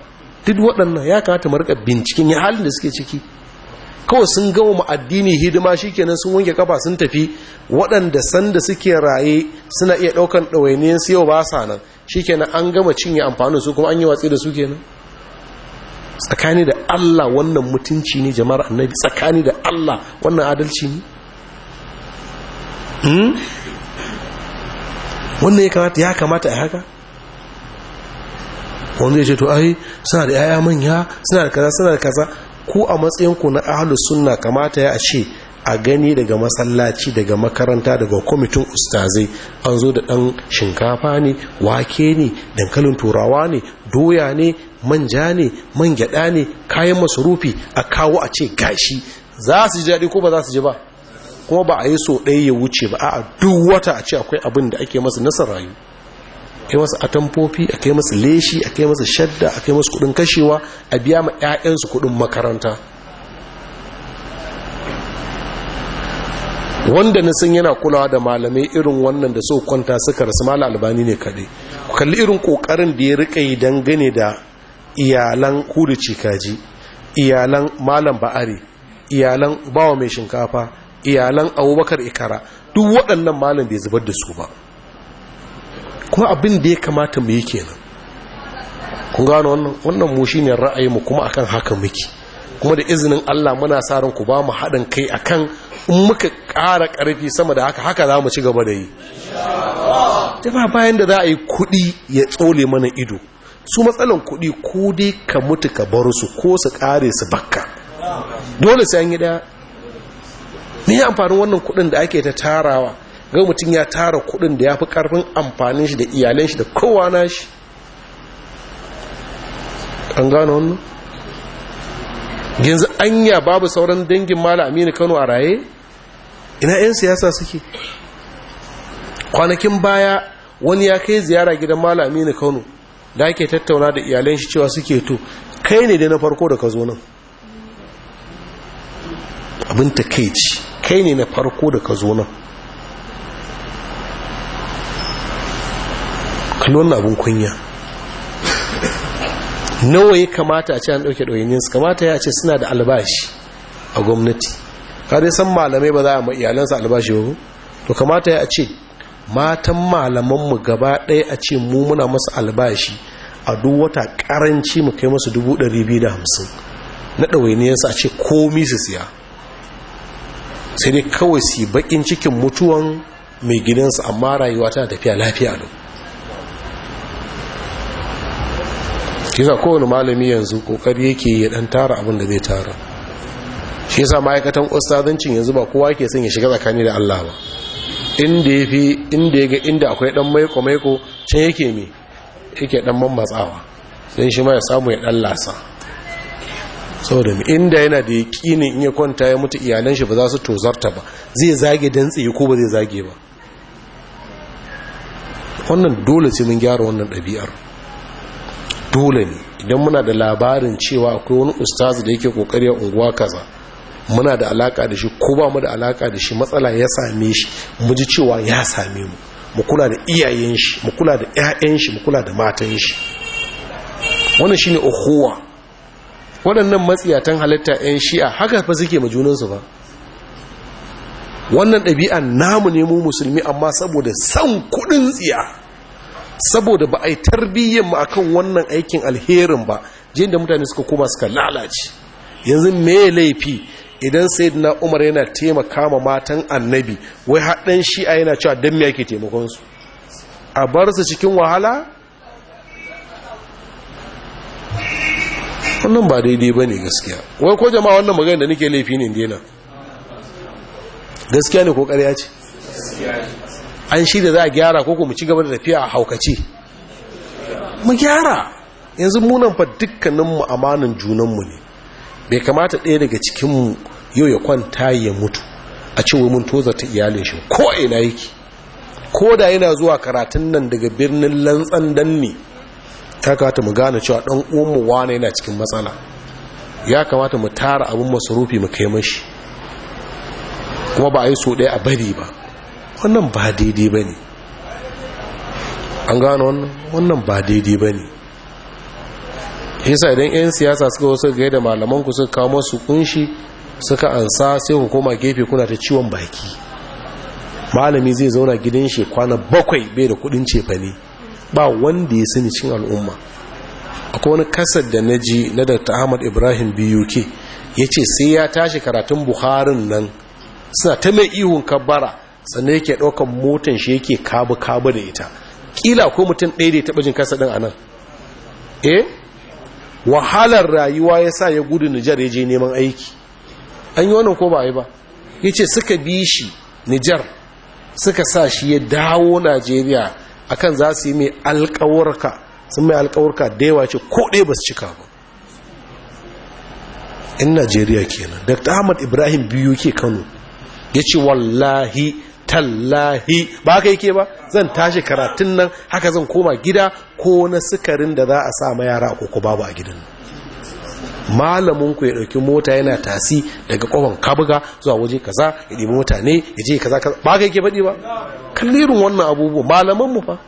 duk waɗannan ya kamata mu rika binciken ya halin da suke ciki kawai sun gama mu addini hidima shikenan sun wanke kafa sun tafi waɗanda sanda suke raye suna iya ɗaukan ɗawainiyar su yau ba sa nan shikenan an gama cinye amfanin su kuma an yi watsi da su kenan tsakani da Allah wannan mutunci ne jama'ar annabi tsakani da Allah wannan adalci ne hmm? wannan ya kamata ya kamata a haka wanda ya ce to ai suna da yaya manya suna da kaza suna da kaza ko a matsayinku na ahalu sunna kamata ya a ce a gani daga masallaci daga makaranta daga kwamitin ustazai an zo da ɗan shinkafa ne wake ne dankalin turawa ne doya ne manja ne man gyaɗa ne kayan masarufi a kawo a ce gashi za su ji daɗi ko ba za su ji ba kuma ba a yi so ɗaya ya wuce ba a duk wata a ce akwai abin da ake masa nasa rayu kai masu atamfofi a kai masu leshi a kai masu shadda a kai masu kudin kashewa a biya ma 'ya'yansu kudin makaranta wanda na san yana kulawa da malamai irin wannan da sau kwanta suka rasu mala albani ne kaɗai kalli irin ƙoƙarin da ya riƙa yi dangane da iyalan hudu cikaji iyalan malam ba'ari iyalan bawa mai shinkafa iyalan abubakar ikara duk waɗannan malam bai zubar da su ba kuma abin da ya kamata mu yi kenan kun gano wannan wannan mu shine ra'ayinmu kuma akan haka muke kuma da izinin Allah muna sa ran ku ba mu haɗin kai akan in muka ƙara ƙarfi sama da haka haka za mu ci gaba da yi jama bayan da za a yi kuɗi ya tsole mana ido su matsalan kuɗi ko dai ka mutu ka bar su ko su ƙare su bakka dole sai an yi ɗaya ni ya amfanin wannan kuɗin da ake ta tarawa ga mutum ya tara kuɗin da ya fi karfin amfanin shi da iyalan shi da kowa na shi an gano wannan yanzu anya babu sauran dangin mala aminu kano a raye ina 'yan siyasa suke kwanakin baya wani ya kai ziyara gidan mala aminu kano da ake tattauna da iyalan shi cewa suke to kai ne da na farko da ka zo nan abin ta kai kai ne na farko da ka zo nan kallon abin kunya nawa ya kamata a ce an ɗauke ɗoyininsu kamata ya ce suna da albashi a gwamnati kada san malamai ba za a iyalansa albashi ba to kamata ya ce matan malamanmu gaba ɗaya a ce mu muna masu albashi a duk wata ƙaranci mu kai masu 250 na ɗawainiyarsa a ce komi su siya sai dai kawai su bakin cikin mutuwan mai gidansu amma rayuwa tana tafiya lafiya lau kisa kowane malami yanzu kokari yake ya dan tara abin da zai tara shi yasa ma'aikatan ustazancin yanzu ba kowa ke son ya shiga tsakani da Allah ba inda ya inda ya ga inda akwai dan maiko maiko can yake me yake dan mamatsawa sai shi ma ya samu ya dan lasa saboda inda yana da yaƙini in ya kwanta ya mutu iyalan shi ba za su tozarta ba zai zage don tsaye ko ba zai zage ba wannan dole sai mun gyara wannan ɗabi'ar dole ne idan muna da labarin cewa akwai wani ustazi da yake kokari a unguwa kaza muna da alaka da shi ko ba mu da alaka da shi matsala ya same shi mu ji cewa ya same mu mu kula da iyayen shi mu kula da ƴaƴan shi mu kula da matan shi wannan shine uhuwa waɗannan matsiyatan halitta 'yan shi'a haka fa suke majunansu ba wannan ɗabi'an namu ne mu musulmi amma saboda san kuɗin tsiya saboda ba a yi tarbiyyar mu akan wannan aikin alherin ba jin da mutane suka koma suka lalace yanzu me laifi idan na umar yana taimaka ma matan annabi wai haɗin shi'a yana cewa don me ake taimakonsu a bar su cikin wahala wannan ba daidai ba ne gaskiya wai ko jama'a wannan magana da nake laifi ne dena gaskiya ne ko ƙarya ce an shi da za a gyara ko mu ci gaba da tafiya a haukace mu gyara yanzu munan fa dukkaninmu amanin junanmu ne bai kamata ɗaya daga cikinmu yau ya kwanta ya mutu a ce mun toza ta iyalin shi ko ina yake ko da yana zuwa karatun nan daga birnin lantsan danne ta kamata mu gane cewa ɗan uwanmu wane yana cikin matsala ya kamata mu tara abin masarufi mu kai mashi kuma ba a yi so ɗaya a bari ba wannan ba daidai ba ne an gano wannan ba daidai ba ne yasa idan 'yan siyasa suka wasu gai da malamanku suka kawo masu kunshi suka ansa sai ku koma gefe kuna ta ciwon baki malami zai zauna gidan shekwana bakwai bai da kudin cefane ba wanda ya sani cin al'umma akwai wani kasar da na ji na dr ahmad ibrahim buk ya ce sai ya tashi karatun buharin nan suna ta mai ihun kabbara sannan yake ɗaukan motan shi yake kabu-kabu da ita ƙila ko mutum ɗaya da ya taɓa jin kasa ɗin a nan eh wahalar rayuwa ya sa ya gudu nijar ya je neman aiki an yi wannan ko ba yi ba ya ce suka bi shi nijar suka sa shi ya dawo najeriya akan za su yi mai alkawarka sun mai alkawarka da yawa ce ko ɗaya ba su cika ba in najeriya kenan dr ahmad ibrahim biyu ke kano ya ce wallahi tallahi ba haka yake ba zan tashi karatun nan haka zan koma gida ko na sukarin da za a sa ma yara a koko babu a gidan nan malamin ku ya dauki mota yana tasi daga kofan kabuga zuwa waje kaza ya mota ne ya je kaza kaza ba ka yake faɗi ba kallirin wannan abubuwa malaman mu fa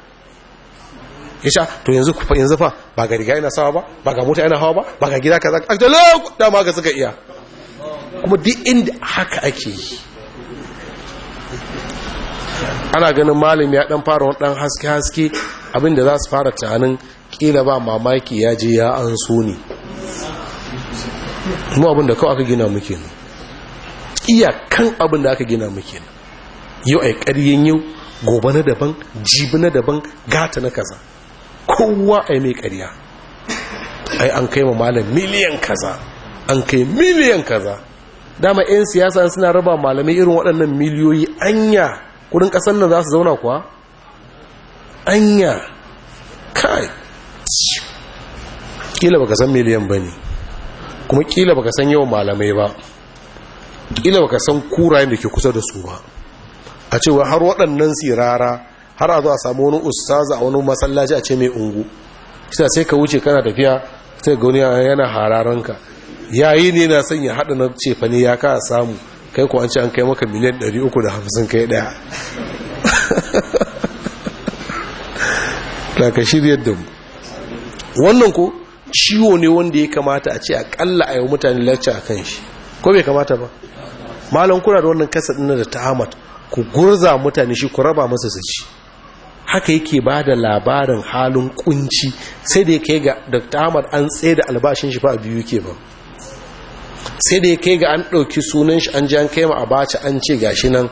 sha to yanzu ku fa yanzu fa ba ga riga ina sawa ba ba ga mota ina hawa ba ba ga gida kaza ajalo da ma ga suka iya kuma duk inda haka ake yi ana ganin malami ya dan fara ɗan haske haske abinda za su fara tunanin kila ba mamaki ya je ya an so ne mu abin da kawai aka gina muke ne iyakan abin da aka gina muke ne yau a yi ƙaryen yau gobe na daban jibi na daban gata na kaza kowa a yi mai ƙarya a an kai ma malam miliyan kaza an kai miliyan kaza dama 'yan siyasa suna raba malamai irin waɗannan miliyoyi anya kudin ƙasar nan za su zauna kuwa anya kai kila baka san miliyan ba ne kuma kila baka san yawan malamai ba kila baka san kurayen da ke kusa da su ba a cewa har waɗannan sirara har a zo a samu wani ustaza a wani masallaci a ce mai ungu kisa sai ka wuce kana tafiya sai gauni yana hararanka yayi ne na sanya ya haɗa na cefane ya ka samu kai ko an ce an kai maka miliyan 350 kai daya ta <laughs> ka shirya da mu wannan ko ciwo ne wanda ya kamata a ce akalla a yi mutane lacca a kan shi ko bai kamata ba malam kuna da wannan kasa ɗin da ta'amat ku gurza mutane shi ku raba masa su ci haka yake ba da labarin halin kunci sai da ya kai ga da ta'amat an tsaye da albashin shi fa a biyu ke ba sai da ya kai ga an ɗauki sunan shi an ji an kai ma a baci an ce gashi nan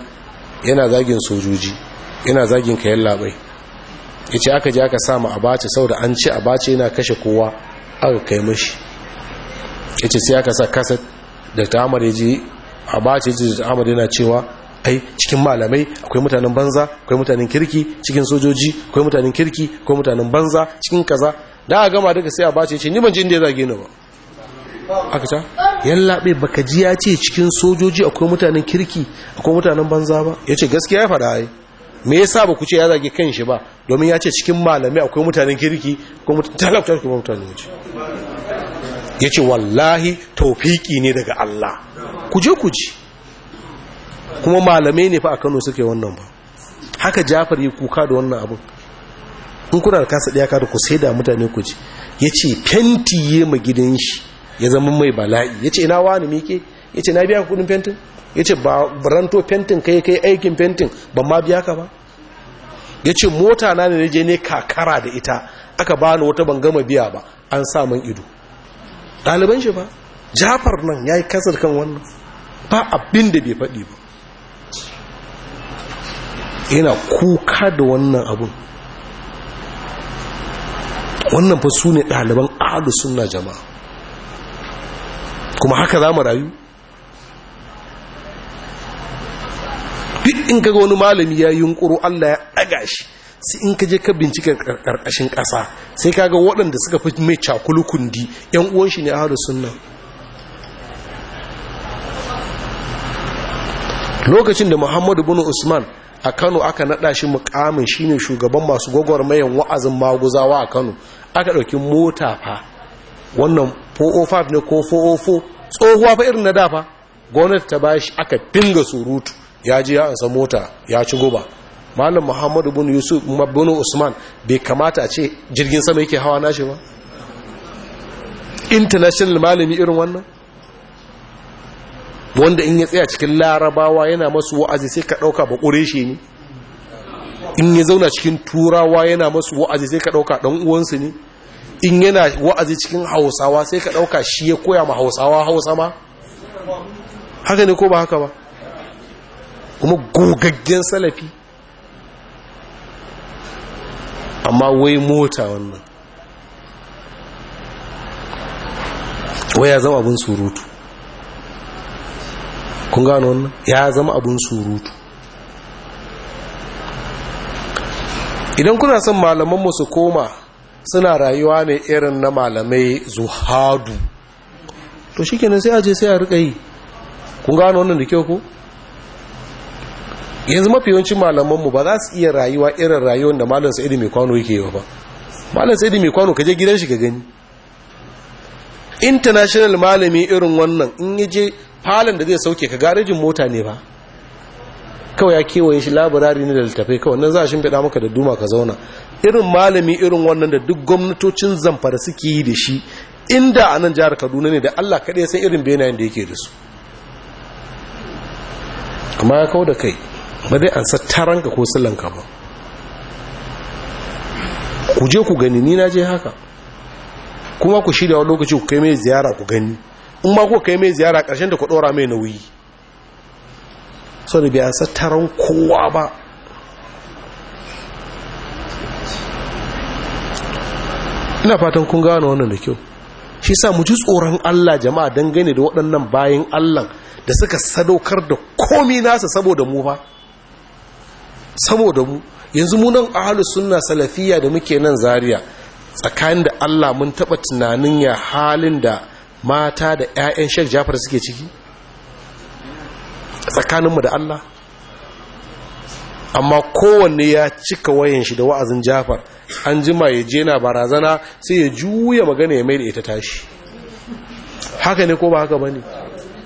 yana zagin sojoji yana zagin kayan labai ya ce aka ji aka sa ma a baci sau da an ce a baci yana kashe kowa aka kai mashi ya ce sai aka sa kaset da ta amur ya ji a ba ce da ta amur yana cewa ai cikin malamai akwai mutanen banza akwai mutanen kirki cikin sojoji akwai mutanen kirki akwai mutanen banza cikin kaza da a gama daga sai a ba ce ni ban ji inda ya zage ni ba aka ta labe baka ji ya ce cikin sojoji akwai mutanen kirki akwai mutanen banza ba ya ce gaskiya ya faɗa ai me yasa ba ku ce ya zage kanshi ba domin ya ce cikin malami akwai mutanen kirki ko mutanen kuma ko mutanen Ya ce wallahi taufiki ne daga Allah ku je ku ji kuma malamai ne fa a Kano suke wannan ba haka Jafar yi kuka da wannan abin in kuna da kasa daya kada ku sai da mutane ku ji ce fenti ya ma gidan shi ya zama mai bala'i Ya ce ina wani mike ce na biya kudin fentin ya ce ba ranto fentin kai kai aikin fentin ba ma biya ka ba ya ce mota na ne je ne kakara da ita aka bani wata ban gama biya ba an sa min ido ɗaliban shi ba jafar nan ya yi kasar kan wannan ba abin da bai faɗi ba yana kuka da wannan abun wannan fa su ne ɗaliban ahalu suna jama'a kuma haka za mu rayu duk in ga wani malami ya yunkuro Allah ya daga shi sai in ka je ka bincika karkashin ƙasa sai kaga waɗanda suka fi mai cakulukundi yan uwan shi ne ahlus sunna lokacin da Muhammadu bin Usman a Kano aka naɗa shi mukamin shine shugaban masu gwagwarmayan wa'azin maguzawa a Kano aka ɗauki mota fa wannan 405 ne ko 404 tsohuwa fa irin na dafa gwamnati ta bashi aka dinga surutu ya ji ya ansa mota ya ci guba, malam muhammadu bin yusuf bin usman bai kamata a ce jirgin sama yake hawa nashi ba international malami irin wannan wanda in ya tsaya cikin larabawa yana masu wa'azi sai ka ɗauka ba ƙure shi ne in ya zauna cikin turawa yana masu wa'azi sai ka ɗauka ɗan uwansu ne in yana wa'azi cikin hausawa sai ka ɗauka shi ya koya ma hausawa hausa ma haka ne ko ba haka ba kuma gogaggen salafi amma wai mota wannan wai ya zama abin surutu kun gano wannan ya zama abin surutu idan kuna son malamanmu su koma suna rayuwa ne irin na malamai zuhadu to shi kenan sai aje sai a riƙa kun gano wannan da kyau ko yanzu mafi yawancin malamanmu ba za su iya rayuwa irin rayuwar da malam sa'idu mai kwano yake yi ba malam sa'idu mai kwano ka je gidan shi ka gani international malami irin wannan in ya je falon da zai sauke ka garejin mota ne ba kawai ya kewaye shi labarari ne da littafai kawai nan za a shimfiɗa maka da duma ka zauna irin malami irin wannan da duk gwamnatocin zamfara suke yi da shi inda a nan jihar kaduna ne da allah kaɗai sai irin benayen da yake da su amma ya kawo da kai ba zai ansa taranka ko silanka ba ku je ku gani ni na je haka kuma ku shirya wani lokaci ku kai mai ziyara ku gani in ma ku kai mai ziyara ƙarshen da ku ɗora mai nauyi sau da bai ansa taron kowa ba ina fatan kun gano wannan da kyau shi sa mu ji tsoron Allah jama'a dangane da waɗannan bayan Allah da suka sadaukar da komi nasa saboda mu ba saboda mu yanzu mu nan ahlus sunna salafiyya da muke nan zaria tsakanin da Allah mun taba tunanin ya halin da mata da ƴaƴan Sheikh Jafar suke ciki tsakaninmu da Allah amma kowanne ya cika wayan shi da wa'azin Jafar an jima ya je na barazana sai ya juya magana ya mai da ita tashi haka ne ko ba haka bane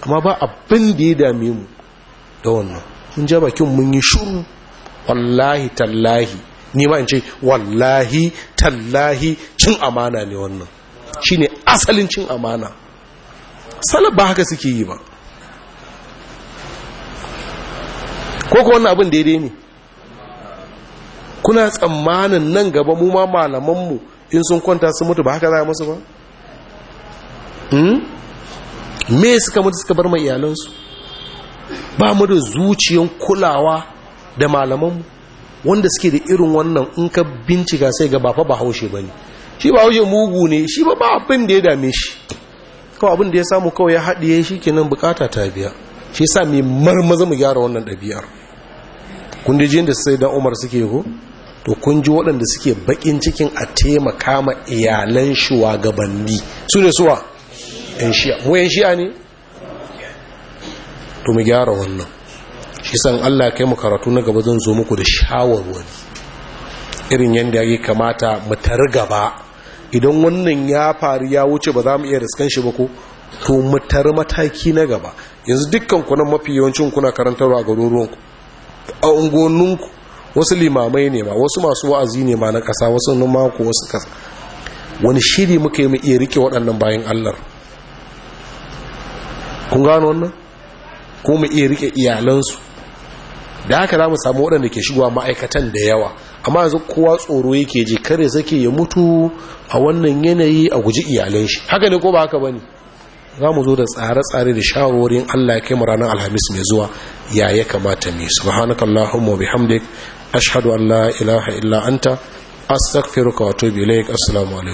amma ba abin da ya dame mu da wannan mun ja bakin mun yi shuru wallahi tallahi ni ma in ce wallahi tallahi cin amana ne wannan shi ne asalin cin amana salab ba haka suke yi ba ko ko wannan abin daidai ne kuna tsammanin nan gaba mu ma malamanmu in sun kwanta sun mutu ba haka za a masu ba? Hmm? me suka mutu suka bar mai iyalansu ba mu da zuciyan kulawa da malaman wanda suke da irin wannan in ka bincika sai ga ba haushe ba ne. shi ba haushe mugu ne shi ba ba abin da ya dame shi kawai abin da ya samu kawai ya haɗiye shi kenan bukata ta biya shi sa mai marmaza mu gyara wannan ɗabi'ar kun da da sai dan umar suke ko to kun ji waɗanda suke bakin cikin a taimaka ma iyalan shuwagabanni. su ne suwa yan shi'a mu yan shi'a ne to mu gyara wannan shi san Allah kai mu karatu na gaba zan zo muku da shawarwari irin yadda ya kamata mu tari gaba idan wannan ya faru ya wuce ba za mu iya riskan shi ba ko to mu tari mataki na gaba yanzu dukkan ku nan mafi yawancin kuna karantarwa a ku. a ungoninku wasu limamai ne ma wasu masu wa'azi ne ma na ƙasa wasu numa ko wasu ƙasa wani shiri muka yi mu iya rike waɗannan bayan Allah kun gano wannan ko mu iya rike iyalansu da haka za mu samu waɗanda ke shigowa ma'aikatan da yawa amma yanzu kowa tsoro yake ji kare sake ya mutu a wannan yanayi a guji iyalan shi haka ne ko ba haka bane za mu zo da tsare-tsare da shawarorin Allah ya kai mu ranar Alhamis mai zuwa ya ya kamata mai subhanakallahumma wa bihamdik ashhadu an la ilaha illa anta astaghfiruka wa atubu ilaik assalamu alaikum